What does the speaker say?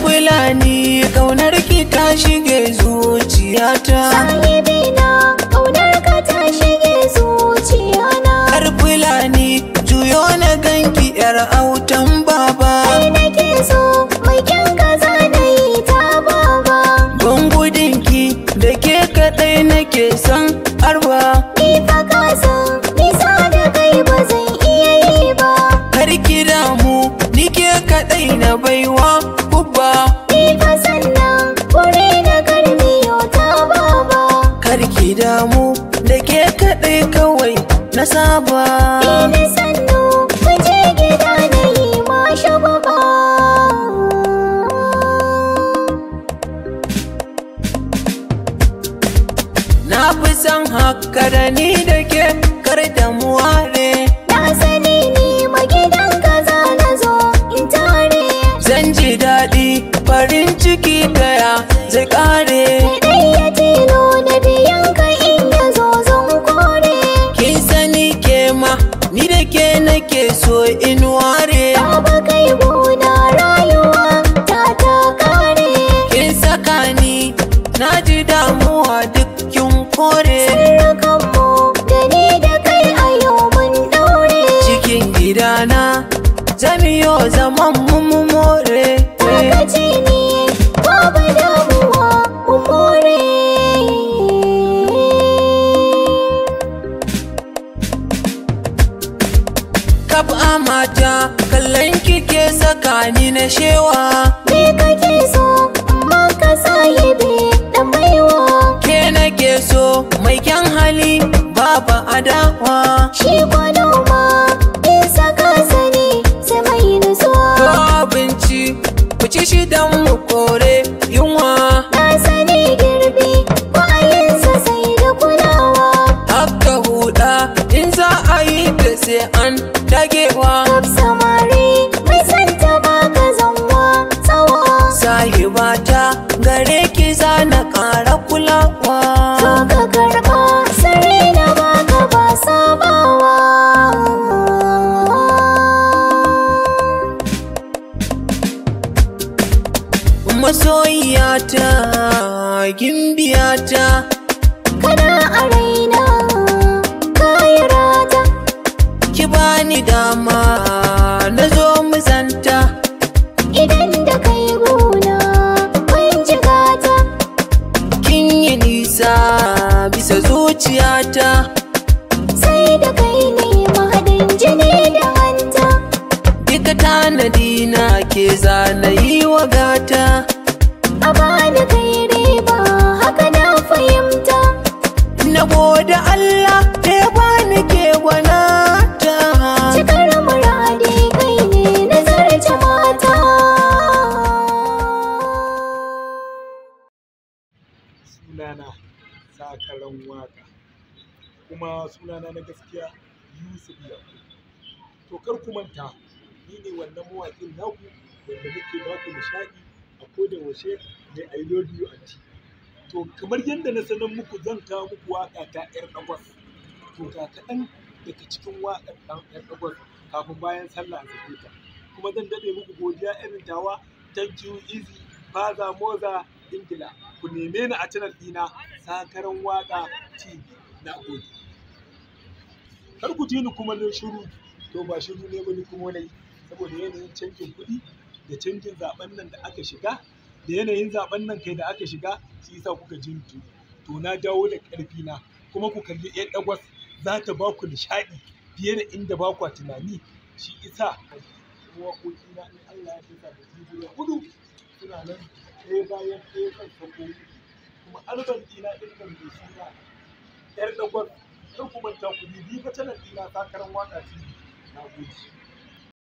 fulani kaunar ki ta shige zuciyata Sahibina kaunar ka ta shige zuciyana har fulani juyo na ganki yar autan baba kubba Ni fa sannan da na karmiyo ta baba Karki damu da ke kaɗai kawai na saba Ina sannu gida na yi ma Na fi son haka da ni da ke kar damuwa ne ciki daya zai kare kai ya tilo da biyan ka inda zo kore kin sani ke ma ni da ke nake so in ware ba kai gona rayuwa ta ta kare kin saka ni na ji damuwa duk kore sirrakan mu da kai a yau mun daure cikin gidana zamiyo zaman mu rap a mata kallon kike tsakani na shewa me kake so amma ka sahibi da baiwa ke nake so mai kyan hali baba adawa shi gwado ma isa ka sani sai mai nutsuwa ko abinci ku ci shi dan mu kore yunwa ta gare ki za na ƙara kulawa so ka karɓa sare baka ba sabawa masoyiyata gimbiyata kana a raina kayi rata ki bani dama rayuwata sai da kai ne mahadin jini da hanta duka tanadi na ke yi wa gata a bani kai riba haka na fahimta na gode Allah da ya bani ke gwanata cikar muradi kai ne na zarce mata sunana sakaran waka kuma sunana na gaskiya Yusuf Yakubu. To kar ku manta ni ne wannan mawaƙin naku wanda nake ba ku nishaɗi a koda washe mai I love you aunty. To kamar yadda na sanar muku zan kawo muku waƙa ta ƴar ɗagwas. To ga kaɗan daga cikin waƙar ɗan ƴar ɗagwas kafin bayan sallah a fita Kuma zan daɗe muku godiya irin tawa thank you easy faza moza ingila ku neme ni a channel ɗina sakaran waƙa tv na gode. kar ku ji ni kuma na shiru to ba shiru ne ba ni kuma wani. saboda yanayin canjin kuɗi da canjin zaben nan da aka shiga da yanayin zaben nan kai da aka shiga shi yasa kuka ni to na dawo da ƙarfi na kuma ku kalli ɗan dagwas za ta ba ku nishaɗi fiye da inda ba ku tunani shi isa waƙoƙi na in Allah ya fita da jibi ya hudu suna nan ɗaya bayan ɗaya kan sako kuma albarki ɗina ɗin nan suna 'yar dagwas kar ku manta biyu bibi ta channel ɗina sakaran waka tv na gode